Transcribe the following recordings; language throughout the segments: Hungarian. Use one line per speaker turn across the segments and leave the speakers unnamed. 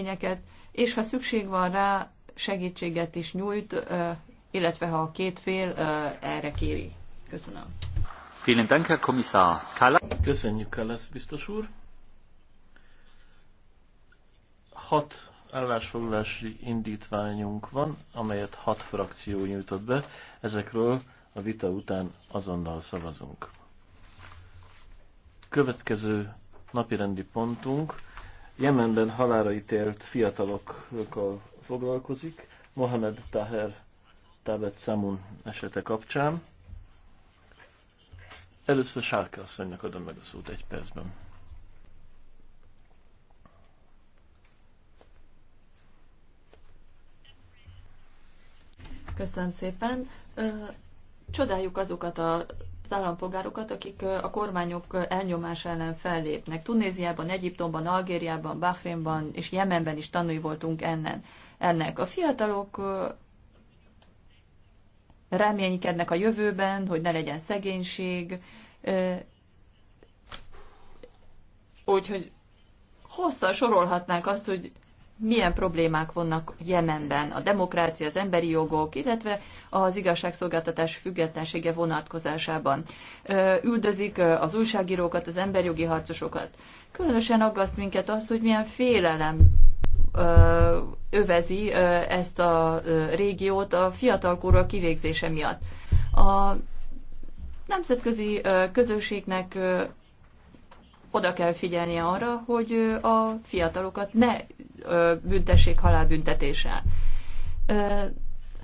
intézményeket, és ha szükség van rá, segítséget is nyújt, illetve ha a két fél erre kéri. Köszönöm.
Vielen Dank, Herr Kommissar Köszönjük, Kallas biztos úr.
Hat állásfoglalási indítványunk van, amelyet hat frakció nyújtott be. Ezekről a vita után azonnal szavazunk. Következő napirendi pontunk Jemenben halára ítélt fiatalokkal foglalkozik, Mohamed Taher Tabet Samun esete kapcsán. Először Sárka asszonynak adom meg a szót egy percben.
Köszönöm szépen. Csodáljuk azokat a az állampolgárokat, akik a kormányok elnyomás ellen fellépnek. Tunéziában, Egyiptomban, Algériában, Bahrénban és Jemenben is tanúi voltunk ennen. ennek. A fiatalok reménykednek a jövőben, hogy ne legyen szegénység, úgyhogy hosszan sorolhatnánk azt, hogy milyen problémák vannak Jemenben, a demokrácia, az emberi jogok, illetve az igazságszolgáltatás függetlensége vonatkozásában. Üldözik az újságírókat, az emberi jogi harcosokat. Különösen aggaszt minket az, hogy milyen félelem övezi ezt a régiót a fiatalkorúak kivégzése miatt. A nemzetközi közösségnek oda kell figyelnie arra, hogy a fiatalokat ne büntessék halálbüntetéssel.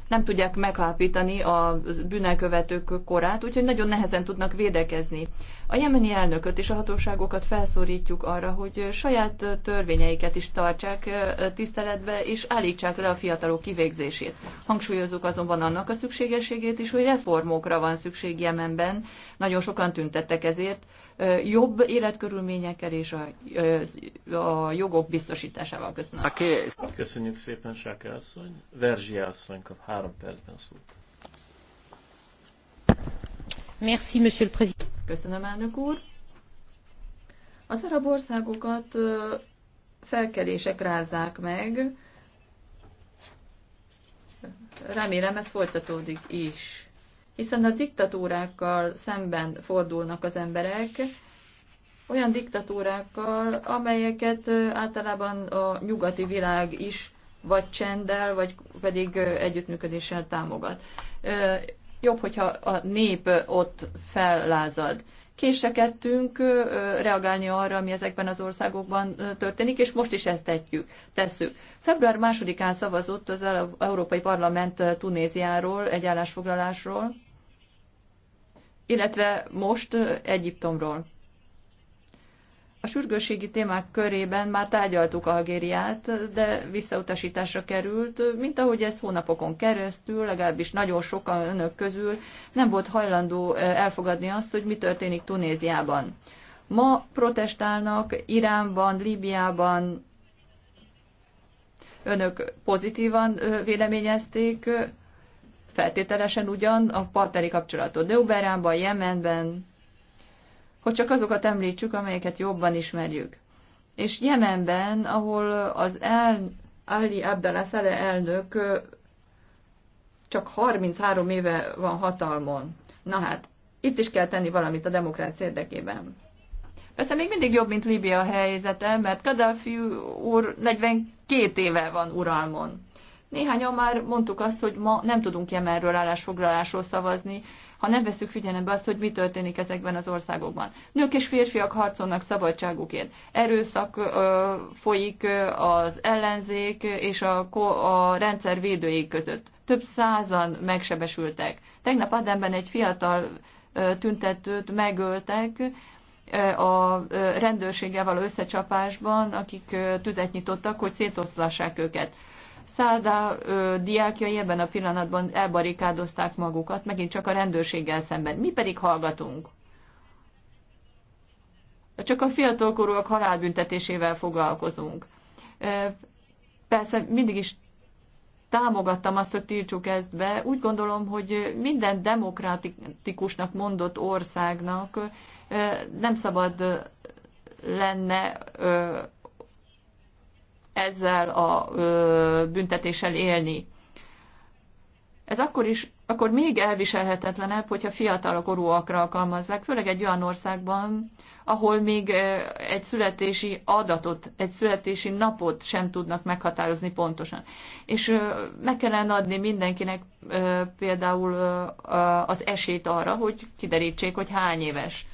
Nem tudják megállapítani a bűnelkövetők korát, úgyhogy nagyon nehezen tudnak védekezni. A jemeni elnököt és a hatóságokat felszólítjuk arra, hogy saját törvényeiket is tartsák tiszteletbe, és állítsák le a fiatalok kivégzését. Hangsúlyozzuk azonban annak a szükségességét is, hogy reformokra van szükség Jemenben. Nagyon sokan tüntettek ezért, jobb életkörülményekkel és a, a jogok biztosításával. Köszönöm.
Köszönjük szépen, Sáke asszony. Verzsi asszony kap három percben szót.
Merci, monsieur le président. Köszönöm, elnök úr. Az arab országokat felkelések rázzák meg. Remélem ez folytatódik is hiszen a diktatúrákkal szemben fordulnak az emberek, olyan diktatúrákkal, amelyeket általában a nyugati világ is vagy csendel, vagy pedig együttműködéssel támogat. Jobb, hogyha a nép ott fellázad. Késekedtünk reagálni arra, ami ezekben az országokban történik, és most is ezt tettjük, tesszük. Február másodikán szavazott az Európai Parlament Tunéziáról, egy állásfoglalásról, illetve most Egyiptomról. A sürgősségi témák körében már tárgyaltuk Algériát, de visszautasításra került, mint ahogy ez hónapokon keresztül, legalábbis nagyon sokan önök közül nem volt hajlandó elfogadni azt, hogy mi történik Tunéziában. Ma protestálnak Iránban, Líbiában, önök pozitívan véleményezték feltételesen ugyan a partneri kapcsolatot Deuberánban, Jemenben, hogy csak azokat említsük, amelyeket jobban ismerjük. És Jemenben, ahol az el, Ali Abdallah elnök csak 33 éve van hatalmon. Na hát, itt is kell tenni valamit a demokrácia érdekében. Persze még mindig jobb, mint Líbia helyzete, mert Gaddafi úr 42 éve van uralmon. Néhányan már mondtuk azt, hogy ma nem tudunk Jemenről állásfoglalásról szavazni, ha nem veszük figyelembe azt, hogy mi történik ezekben az országokban. Nők és férfiak harcolnak szabadságukért. Erőszak ö, folyik az ellenzék és a, a rendszer védői között. Több százan megsebesültek. Tegnap Adenben egy fiatal ö, tüntetőt megöltek ö, a rendőrséggel való összecsapásban, akik ö, tüzet nyitottak, hogy szétoztassák őket. Száda ö, diákjai ebben a pillanatban elbarikádozták magukat, megint csak a rendőrséggel szemben. Mi pedig hallgatunk. Csak a fiatalkorúak halálbüntetésével foglalkozunk. Ö, persze mindig is támogattam azt, hogy tiltsuk ezt be. Úgy gondolom, hogy minden demokratikusnak mondott országnak nem szabad lenne ezzel a büntetéssel élni. Ez akkor is, akkor még elviselhetetlenebb, hogyha fiatal korúakra alkalmazzák, főleg egy olyan országban, ahol még egy születési adatot, egy születési napot sem tudnak meghatározni pontosan. És meg kellene adni mindenkinek például az esélyt arra, hogy kiderítsék, hogy hány éves.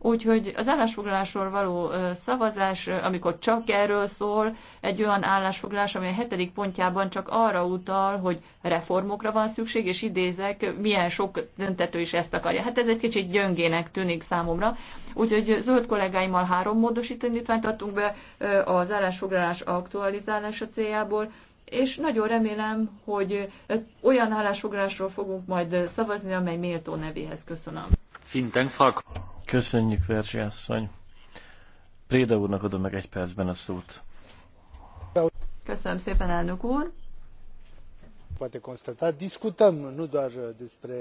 Úgyhogy az állásfoglalásról való szavazás, amikor csak erről szól, egy olyan állásfoglalás, ami a hetedik pontjában csak arra utal, hogy reformokra van szükség, és idézek, milyen sok döntető is ezt akarja. Hát ez egy kicsit gyöngének tűnik számomra. Úgyhogy zöld kollégáimmal három módosítandítványt adtunk be az állásfoglalás aktualizálása céljából, és nagyon remélem, hogy olyan állásfoglalásról fogunk majd szavazni, amely méltó nevéhez köszönöm.
Vielen
Köszönjük, Verzsi asszony. Préda úrnak adom meg egy percben a szót.
Köszönöm szépen, elnök úr.
Poate constata, discutăm nu doar despre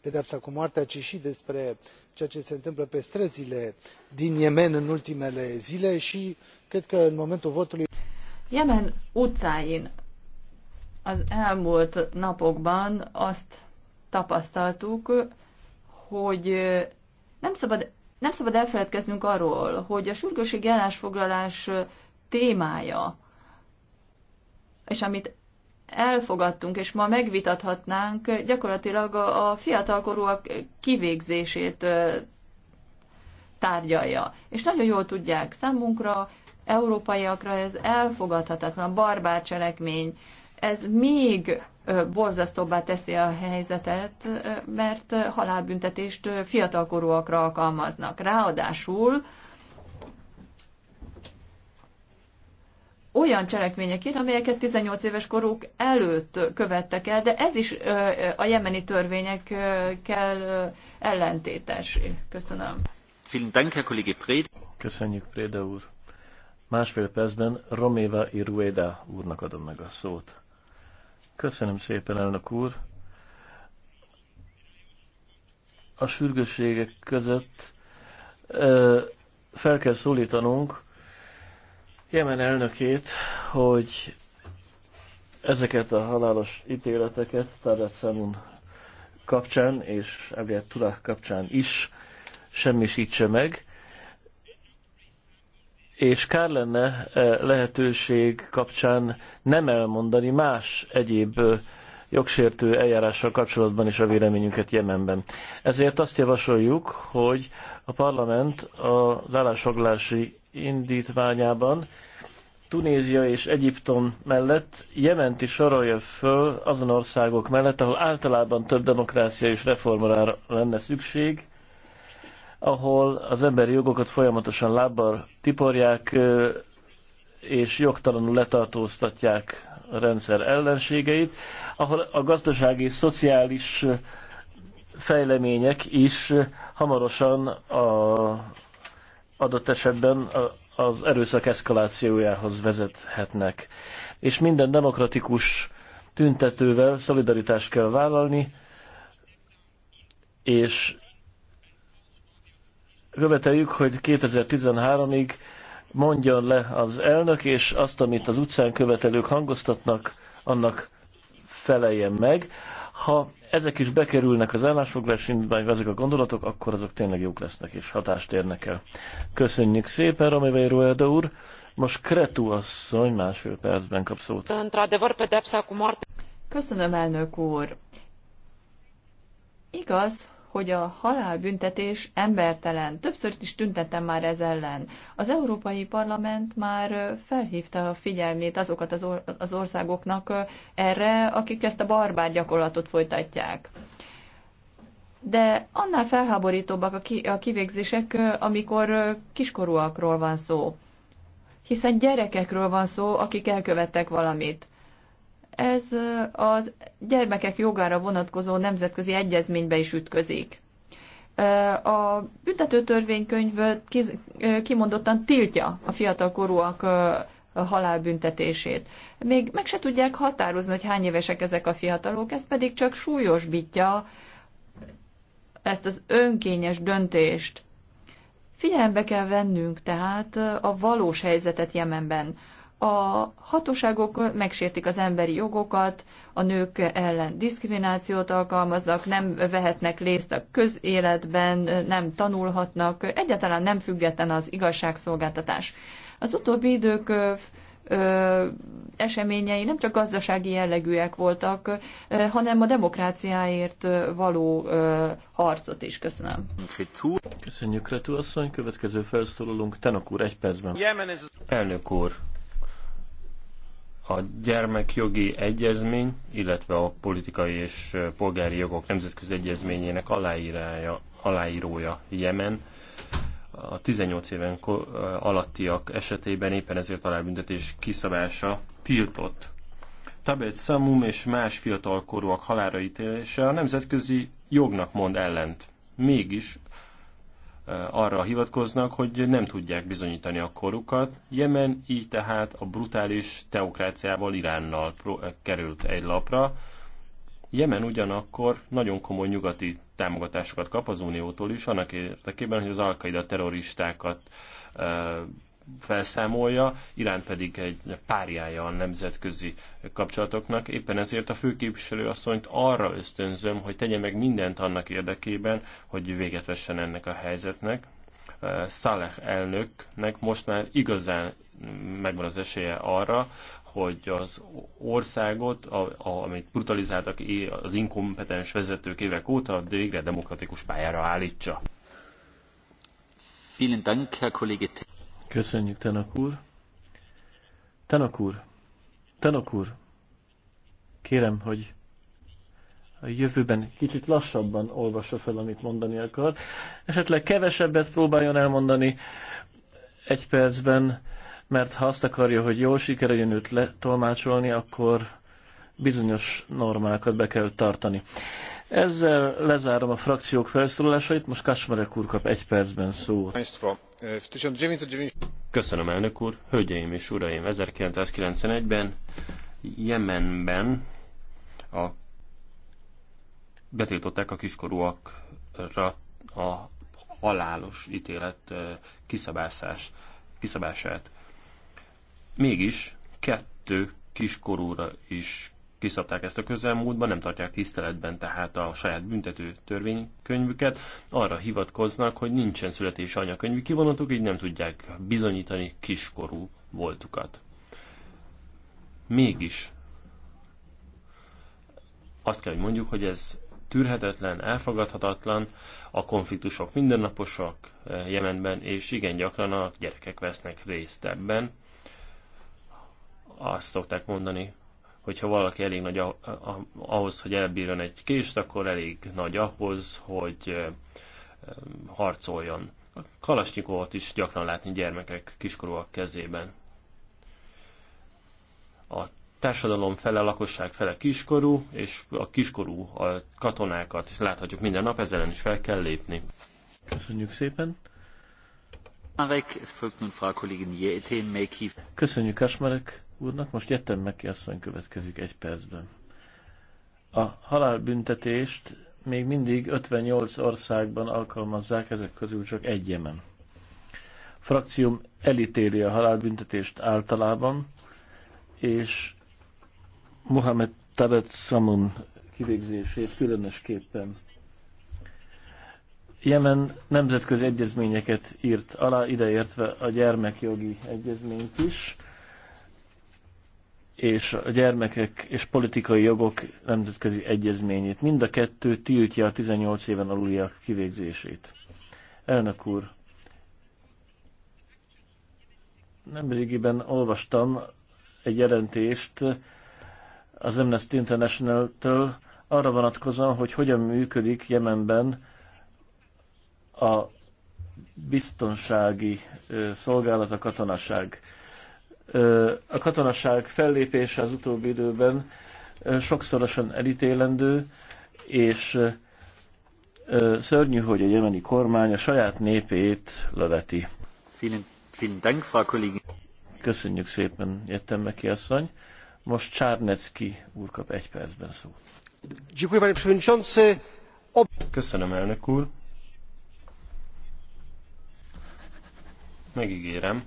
pedepsa cu moartea, ci și despre ceea ce se întâmplă pe străzile din Yemen în ultimele zile și cred că în momentul votului.
Yemen utcáin az elmúlt napokban azt tapasztaltuk, hogy nem szabad, nem szabad elfeledkeznünk arról, hogy a sürgőségi állásfoglalás témája, és amit elfogadtunk, és ma megvitathatnánk, gyakorlatilag a fiatalkorúak kivégzését tárgyalja. És nagyon jól tudják, számunkra, európaiakra ez elfogadhatatlan barbár cselekmény, ez még borzasztóbbá teszi a helyzetet, mert halálbüntetést fiatalkorúakra alkalmaznak. Ráadásul olyan cselekményekért, amelyeket 18 éves koruk előtt követtek el, de ez is a jemeni törvényekkel ellentétes. Köszönöm.
Köszönjük, Préda úr. Másfél percben Roméva Irueda úrnak adom meg a szót. Köszönöm szépen, elnök úr. A sürgősségek között fel kell szólítanunk Jemen elnökét, hogy ezeket a halálos ítéleteket Tadat Samun kapcsán és Abiyat Tulah kapcsán is semmisítse meg és kár lenne e, lehetőség kapcsán nem elmondani más egyéb e, jogsértő eljárással kapcsolatban is a véleményünket Jemenben. Ezért azt javasoljuk, hogy a parlament az állásfoglalási indítványában Tunézia és Egyiptom mellett Jement is sorolja föl azon országok mellett, ahol általában több demokrácia és reformra lenne szükség, ahol az emberi jogokat folyamatosan lábbal tiporják, és jogtalanul letartóztatják a rendszer ellenségeit, ahol a gazdasági, és szociális fejlemények is hamarosan a, adott esetben az erőszak eszkalációjához vezethetnek. És minden demokratikus tüntetővel szolidaritást kell vállalni, és követeljük, hogy 2013-ig mondjon le az elnök, és azt, amit az utcán követelők hangoztatnak, annak feleljen meg. Ha ezek is bekerülnek az állásfoglalás indítványba, ezek a gondolatok, akkor azok tényleg jók lesznek és hatást érnek el. Köszönjük szépen, Ramivei Rueda úr. Most Kretu asszony másfél percben kap
szót. Köszönöm, elnök úr. Igaz, hogy a halálbüntetés embertelen. Többször is tüntettem már ez ellen. Az Európai Parlament már felhívta a figyelmét azokat az, or- az országoknak erre, akik ezt a barbár gyakorlatot folytatják. De annál felháborítóbbak a, ki- a kivégzések, amikor kiskorúakról van szó. Hiszen gyerekekről van szó, akik elkövettek valamit ez az gyermekek jogára vonatkozó nemzetközi egyezménybe is ütközik. A büntetőtörvénykönyv kimondottan tiltja a fiatalkorúak halálbüntetését. Még meg se tudják határozni, hogy hány évesek ezek a fiatalok, ez pedig csak súlyosbítja ezt az önkényes döntést. Figyelembe kell vennünk tehát a valós helyzetet Jemenben a hatóságok megsértik az emberi jogokat, a nők ellen diszkriminációt alkalmaznak, nem vehetnek részt a közéletben, nem tanulhatnak, egyáltalán nem független az igazságszolgáltatás. Az utóbbi idők ö, eseményei nem csak gazdasági jellegűek voltak, ö, hanem a demokráciáért való ö, harcot is. Köszönöm.
Köszönjük, Retú asszony. Következő
felszólalunk Tenok úr, egy percben. Elnök úr, a gyermekjogi egyezmény, illetve a politikai és polgári jogok nemzetközi egyezményének aláírája, aláírója Jemen. A 18 éven alattiak esetében éppen ezért halálbüntetés kiszabása tiltott. Tabet Samum és más fiatalkorúak halára ítélése a nemzetközi jognak mond ellent. Mégis Eh, arra hivatkoznak, hogy nem tudják bizonyítani a korukat. Jemen így tehát a brutális teokráciával Iránnal eh, került egy lapra. Jemen ugyanakkor nagyon komoly nyugati támogatásokat kap az Uniótól is, annak érdekében, hogy az alkaida terroristákat eh, felszámolja, Irán pedig egy párjája a nemzetközi kapcsolatoknak. Éppen ezért a főképviselő asszonyt arra ösztönzöm, hogy tegye meg mindent annak érdekében, hogy véget vessen ennek a helyzetnek. Saleh elnöknek most már igazán megvan az esélye arra, hogy az országot, a, a, amit brutalizáltak az inkompetens vezetők évek óta, végre demokratikus pályára állítsa. Vielen Dank,
Herr Kollege.
Köszönjük, Tenak úr. Tenak úr, Tenak úr, kérem, hogy a jövőben kicsit lassabban olvassa fel, amit mondani akar. Esetleg kevesebbet próbáljon elmondani egy percben, mert ha azt akarja, hogy jól sikerüljön őt letolmácsolni, akkor bizonyos normákat be kell tartani. Ezzel lezárom a frakciók felszólalásait, most Kasmerek úr kap egy percben szót.
Köszönöm, elnök úr. Hölgyeim és uraim, 1991-ben Jemenben a betiltották a kiskorúakra a halálos ítélet kiszabászás, kiszabását. Mégis kettő kiskorúra is kiszabták ezt a közelmúltban, nem tartják tiszteletben tehát a saját büntető törvénykönyvüket, arra hivatkoznak, hogy nincsen születési anyakönyvi kivonatuk, így nem tudják bizonyítani kiskorú voltukat. Mégis azt kell, hogy mondjuk, hogy ez tűrhetetlen, elfogadhatatlan, a konfliktusok mindennaposak eh, Jemenben, és igen gyakran a gyerekek vesznek részt ebben. Azt szokták mondani, hogyha valaki elég nagy ahhoz, hogy elbírjon egy kést, akkor elég nagy ahhoz, hogy harcoljon. A kalasnyikovot is gyakran látni gyermekek, kiskorúak kezében. A társadalom fele, a lakosság fele kiskorú, és a kiskorú a katonákat is láthatjuk minden nap, ezzel is fel kell lépni.
Köszönjük szépen! Köszönjük, Kasmarek úrnak. Most jöttem meg ki, aztán következik egy percben. A halálbüntetést még mindig 58 országban alkalmazzák, ezek közül csak egy Jemen. Frakcióm elítéli a halálbüntetést általában, és Mohamed Tabet Samun kivégzését különösképpen. Jemen nemzetközi egyezményeket írt alá, ideértve a gyermekjogi egyezményt is, és a gyermekek és politikai jogok nemzetközi egyezményét. Mind a kettő tiltja a 18 éven aluliak kivégzését. Elnök úr, nemrégiben olvastam egy jelentést az Amnesty International-től arra vonatkozóan, hogy hogyan működik Jemenben a biztonsági szolgálat, a katonaság a katonaság fellépése az utóbbi időben sokszorosan elítélendő, és szörnyű, hogy a jemeni kormány a saját népét leveti. Köszönjük szépen, jöttem meg ki asszony.
Most Csárnecki úr kap egy percben szó. Köszönöm, elnök úr. Megígérem,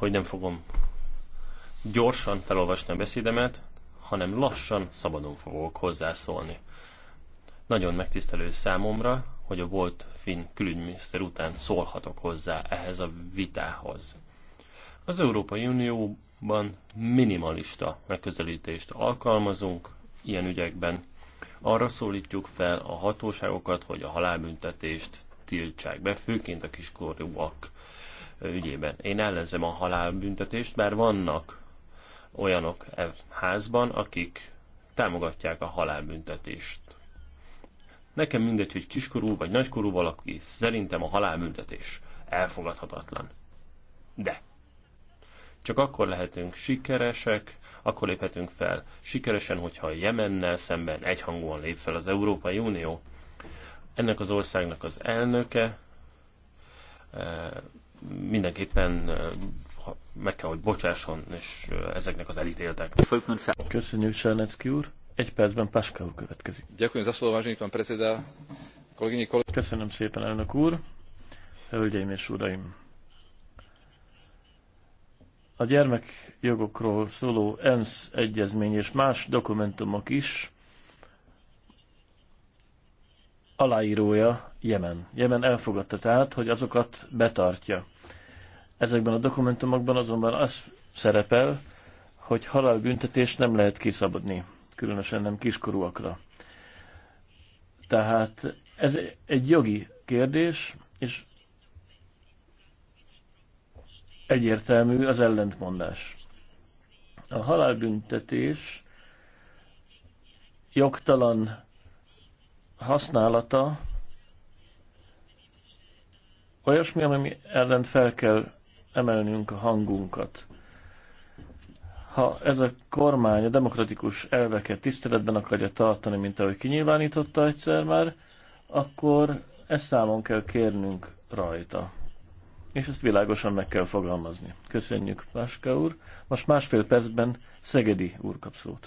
hogy nem fogom gyorsan felolvasni a beszédemet, hanem lassan, szabadon fogok hozzászólni. Nagyon megtisztelő számomra, hogy a volt finn külügyminiszter után szólhatok hozzá ehhez a vitához. Az Európai Unióban minimalista megközelítést alkalmazunk ilyen ügyekben. Arra szólítjuk fel a hatóságokat, hogy a halálbüntetést tiltsák be, főként a kiskorúak ügyében. Én ellenzem a halálbüntetést, bár vannak olyanok e házban, akik támogatják a halálbüntetést. Nekem mindegy, hogy kiskorú vagy nagykorú valaki, szerintem a halálbüntetés elfogadhatatlan. De csak akkor lehetünk sikeresek, akkor léphetünk fel sikeresen, hogyha a Jemennel szemben egyhangúan lép fel az Európai Unió. Ennek az országnak az elnöke e, mindenképpen meg kell, hogy bocsásson, és ezeknek az elítéltek.
Köszönjük, Sárnecki úr. Egy percben Páska úr következik. Köszönöm szépen, elnök úr. Hölgyeim és uraim! A gyermekjogokról szóló ENSZ egyezmény és más dokumentumok is aláírója Jemen. Jemen elfogadta tehát, hogy azokat betartja. Ezekben a dokumentumokban azonban az szerepel, hogy halálbüntetést nem lehet kiszabadni, különösen nem kiskorúakra. Tehát ez egy jogi kérdés, és egyértelmű az ellentmondás. A halálbüntetés jogtalan használata olyasmi, ami ellen fel kell emelnünk a hangunkat. Ha ez a kormány a demokratikus elveket tiszteletben akarja tartani, mint ahogy kinyilvánította egyszer már, akkor ezt számon kell kérnünk rajta. És ezt világosan meg kell fogalmazni. Köszönjük, Páska úr. Most másfél percben Szegedi
úr kap szót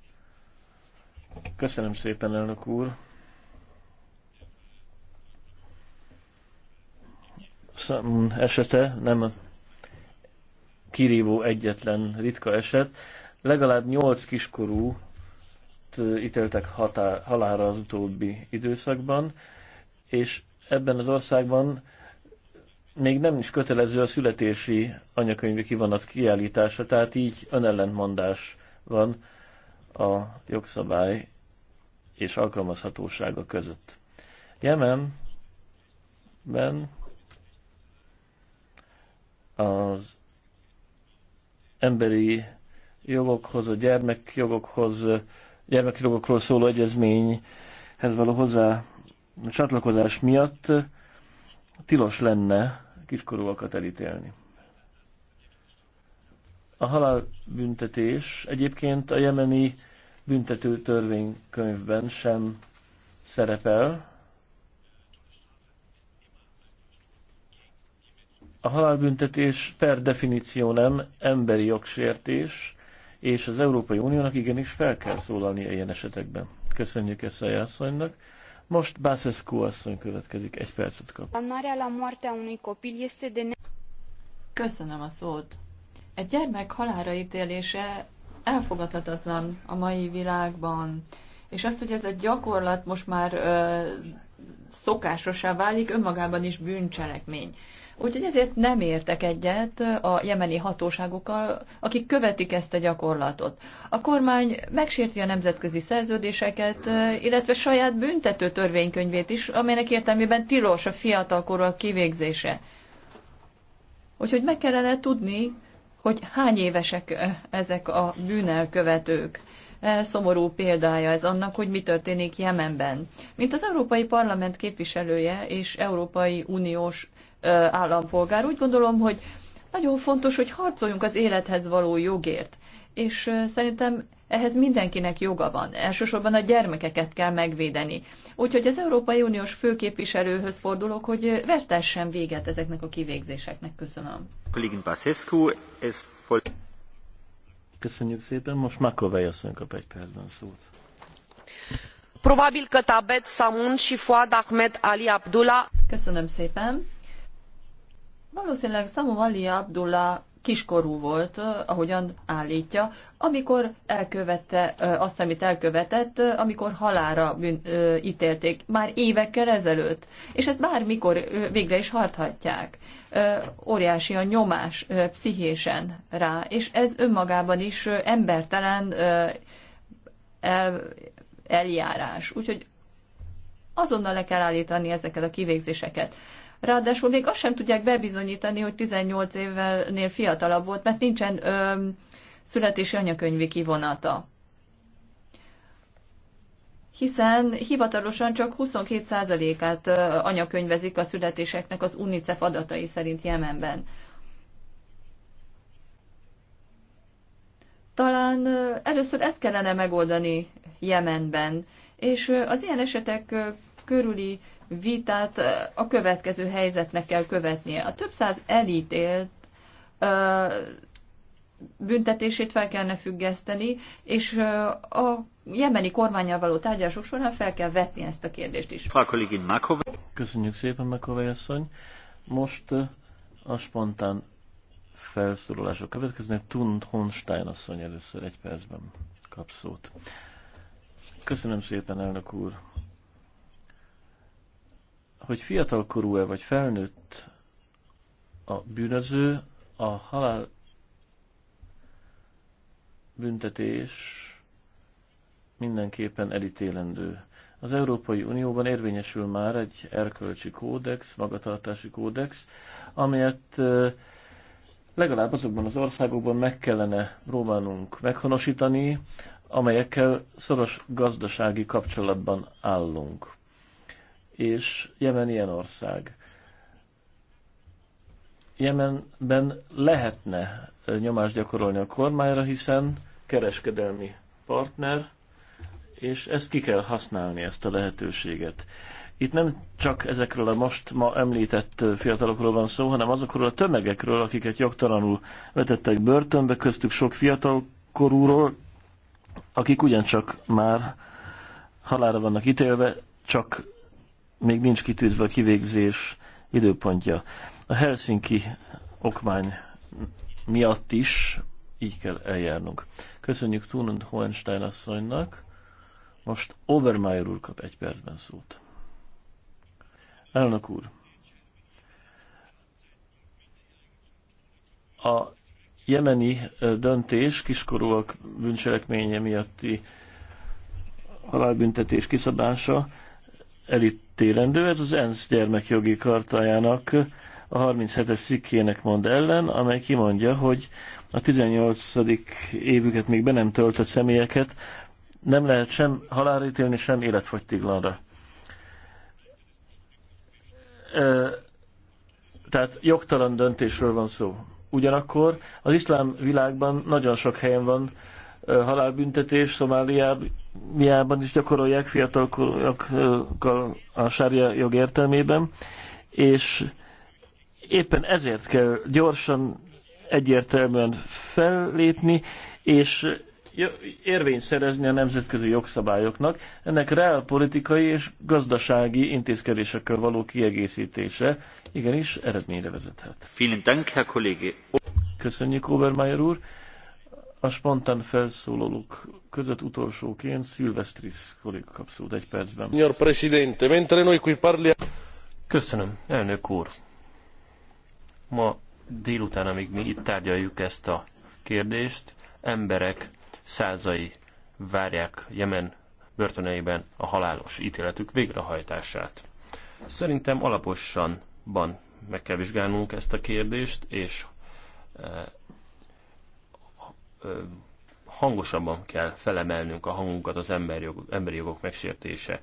Köszönöm szépen, elnök úr. Szamon esete nem kirívó egyetlen ritka eset. Legalább nyolc kiskorú ítéltek halára az utóbbi időszakban, és ebben az országban még nem is kötelező a születési anyakönyvi kivonat kiállítása, tehát így önellentmondás van a jogszabály és alkalmazhatósága között. Jemenben az emberi jogokhoz, a gyermekjogokhoz, gyermekjogokról szóló egyezményhez való hozzá csatlakozás miatt tilos lenne kiskorúakat elítélni. A halálbüntetés egyébként a jemeni büntető törvénykönyvben sem szerepel. A halálbüntetés per definíció nem emberi jogsértés, és az Európai Uniónak igenis fel kell szólalni ilyen esetekben. Köszönjük ezt a asszonynak. Most Bászeszkó asszony következik, egy percet kap.
Köszönöm a szót. Egy gyermek halára ítélése elfogadhatatlan a mai világban. És az, hogy ez a gyakorlat most már ö, szokásosá válik, önmagában is bűncselekmény. Úgyhogy ezért nem értek egyet a jemeni hatóságokkal, akik követik ezt a gyakorlatot. A kormány megsérti a nemzetközi szerződéseket, illetve saját büntető törvénykönyvét is, amelynek értelmében tilos a fiatalkorúak kivégzése. Úgyhogy meg kellene tudni, hogy hány évesek ezek a bűnelkövetők. Szomorú példája ez annak, hogy mi történik Jemenben. Mint az Európai Parlament képviselője és Európai Uniós állampolgár, úgy gondolom, hogy nagyon fontos, hogy harcoljunk az élethez való jogért. És szerintem ehhez mindenkinek joga van. Elsősorban a gyermekeket kell megvédeni. Úgyhogy az Európai Uniós főképviselőhöz fordulok, hogy vertessen véget ezeknek a kivégzéseknek. Köszönöm.
Köszönjük szépen. Most Makovej asszony kap egy percben szót.
Probabil Tabet Samun și Fuad Ahmed Ali Abdullah. Köszönöm szépen. Valószínűleg Samu Ali Abdullah kiskorú volt, ahogyan állítja, amikor elkövette azt, amit elkövetett, amikor halára ítélték, már évekkel ezelőtt. És ezt bármikor végre is harthatják. Óriási a nyomás pszichésen rá, és ez önmagában is embertelen eljárás. Úgyhogy azonnal le kell állítani ezeket a kivégzéseket ráadásul még azt sem tudják bebizonyítani, hogy 18 évvelnél fiatalabb volt, mert nincsen ö, születési anyakönyvi kivonata. Hiszen hivatalosan csak 22%-át anyakönyvezik a születéseknek az UNICEF adatai szerint Jemenben. Talán először ezt kellene megoldani Jemenben, és az ilyen esetek körüli vitát a következő helyzetnek kell követnie. A több száz elítélt büntetését fel kellene függeszteni, és a jemeni kormányjal való tárgyalások során fel kell vetni ezt a kérdést is.
Köszönjük szépen, Makovai asszony. Most a spontán felszólalások következnek. Tund Honstein asszony először egy percben kap szót. Köszönöm szépen, elnök úr hogy fiatalkorú-e vagy felnőtt a bűnöző, a halál büntetés mindenképpen elítélendő. Az Európai Unióban érvényesül már egy erkölcsi kódex, magatartási kódex, amelyet legalább azokban az országokban meg kellene próbálnunk meghonosítani, amelyekkel szoros gazdasági kapcsolatban állunk és Jemen ilyen ország. Jemenben lehetne nyomást gyakorolni a kormányra, hiszen kereskedelmi partner, és ezt ki kell használni, ezt a lehetőséget. Itt nem csak ezekről a most ma említett fiatalokról van szó, hanem azokról a tömegekről, akiket jogtalanul vetettek börtönbe, köztük sok fiatalkorúról, akik ugyancsak már halára vannak ítélve, csak még nincs kitűzve a kivégzés időpontja. A Helsinki okmány miatt is így kell eljárnunk. Köszönjük Thunund Hohenstein asszonynak. Most Obermeyer úr kap egy percben szót. Elnök úr, a jemeni döntés kiskorúak bűncselekménye miatti halálbüntetés kiszabása elítélendő, ez az ENSZ gyermekjogi kartájának a 37-es szikkének mond ellen, amely kimondja, hogy a 18. évüket még be nem töltött személyeket nem lehet sem halálítélni, sem életfogytiglanra. Tehát jogtalan döntésről van szó. Ugyanakkor az iszlám világban nagyon sok helyen van halálbüntetés Szomáliában is gyakorolják fiatalokkal a sárja jog értelmében, és éppen ezért kell gyorsan, egyértelműen fellépni, és érvényt szerezni a nemzetközi jogszabályoknak, ennek politikai és gazdasági intézkedésekkel való kiegészítése igenis eredményre vezethet. Köszönjük, Obermeier úr! A spontán felszólalók között utolsóként Szilvesztris kolléga kap egy percben. Signor Presidente, mentre noi qui parliamo...
Köszönöm, elnök úr. Ma délután, amíg mi itt tárgyaljuk ezt a kérdést, emberek százai várják Jemen börtöneiben a halálos ítéletük végrehajtását. Szerintem alaposan meg kell vizsgálnunk ezt a kérdést, és eh, hangosabban kell felemelnünk a hangunkat az emberi jogok, emberi jogok megsértése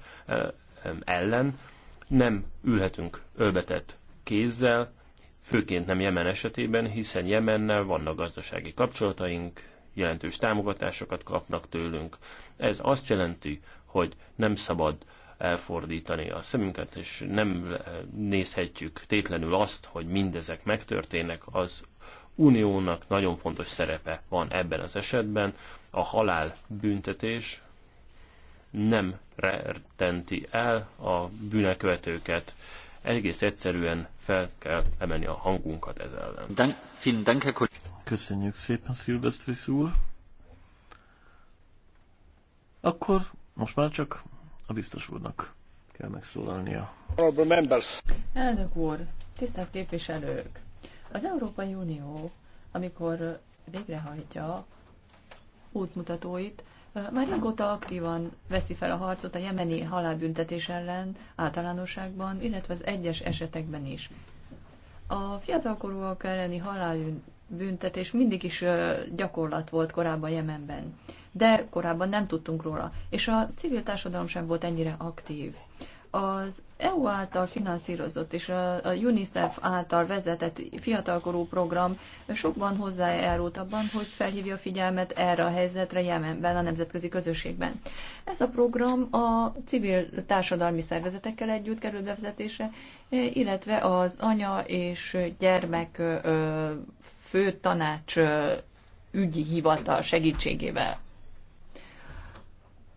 ellen. Nem ülhetünk ölbetett kézzel, főként nem Jemen esetében, hiszen Jemennel vannak gazdasági kapcsolataink, jelentős támogatásokat kapnak tőlünk. Ez azt jelenti, hogy nem szabad elfordítani a szemünket, és nem nézhetjük tétlenül azt, hogy mindezek megtörténnek az Uniónak nagyon fontos szerepe van ebben az esetben. A halál büntetés nem rettenti el a bűnekövetőket. Egész egyszerűen fel kell emelni a hangunkat ez ellen.
Köszönjük szépen, Szilvesztris úr. Akkor most már csak a biztos úrnak kell megszólalnia.
Elnök úr, tisztelt képviselők! Az Európai Unió, amikor végrehajtja útmutatóit, már régóta aktívan veszi fel a harcot a jemeni halálbüntetés ellen általánosságban, illetve az egyes esetekben is. A fiatalkorúak elleni halálbüntetés mindig is gyakorlat volt korábban Jemenben, de korábban nem tudtunk róla, és a civil társadalom sem volt ennyire aktív. Az EU által finanszírozott és a UNICEF által vezetett fiatalkorú program sokban hozzájárult abban, hogy felhívja a figyelmet erre a helyzetre Jemenben, a nemzetközi közösségben. Ez a program a civil társadalmi szervezetekkel együtt került bevezetése, illetve az anya és gyermek fő tanács ügyi hivatal segítségével.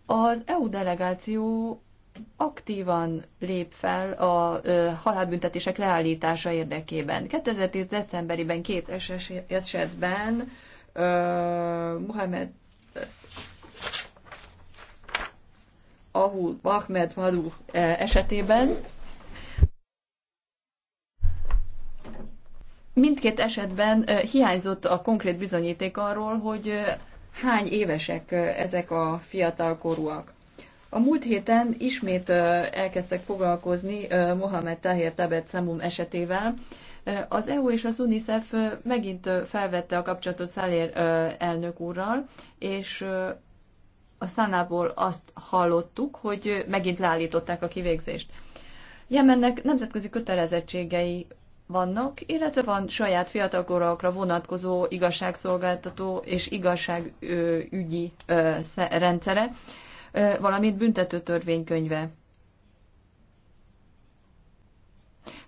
Az EU delegáció aktívan lép fel a ö, halálbüntetések leállítása érdekében. 2010. decemberiben két esetben ö, Muhammed Ahul Ahmed Madu esetében mindkét esetben hiányzott a konkrét bizonyíték arról, hogy hány évesek ezek a fiatalkorúak. A múlt héten ismét elkezdtek foglalkozni Mohamed Tahir Tabet Samum esetével. Az EU és az UNICEF megint felvette a kapcsolatot Szalér elnök úrral, és a Szánából azt hallottuk, hogy megint leállították a kivégzést. Jemennek nemzetközi kötelezettségei vannak, illetve van saját fiatalkorokra vonatkozó igazságszolgáltató és igazságügyi rendszere valamint büntető törvénykönyve.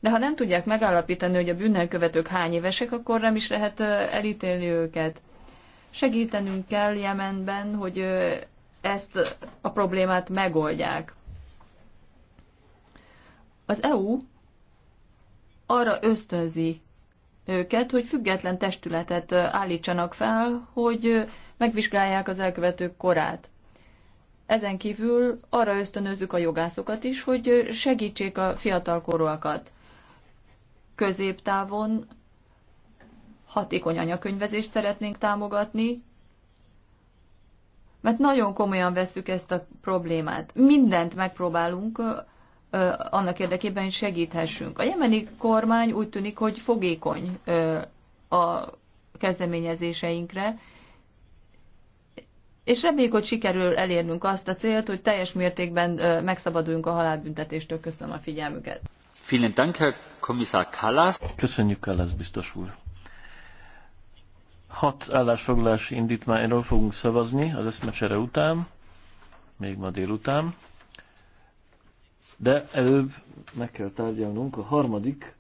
De ha nem tudják megállapítani, hogy a bűnnelkövetők hány évesek, akkor nem is lehet elítélni őket. Segítenünk kell Jemenben, hogy ezt a problémát megoldják. Az EU arra ösztönzi őket, hogy független testületet állítsanak fel, hogy megvizsgálják az elkövetők korát. Ezen kívül arra ösztönözzük a jogászokat is, hogy segítsék a fiatal korúakat. Középtávon hatékony anyakönyvezést szeretnénk támogatni, mert nagyon komolyan vesszük ezt a problémát. Mindent megpróbálunk annak érdekében, hogy segíthessünk. A jemeni kormány úgy tűnik, hogy fogékony a kezdeményezéseinkre, és reméljük, hogy sikerül elérnünk azt a célt, hogy teljes mértékben megszabaduljunk a halálbüntetéstől. Köszönöm a figyelmüket.
Vielen Dank, Herr Kommissar Kallas. Köszönjük, Kallas biztos úr.
Hat állásfoglalási indítmányról fogunk szavazni az eszmecsere után, még ma délután. De előbb meg kell tárgyalnunk a harmadik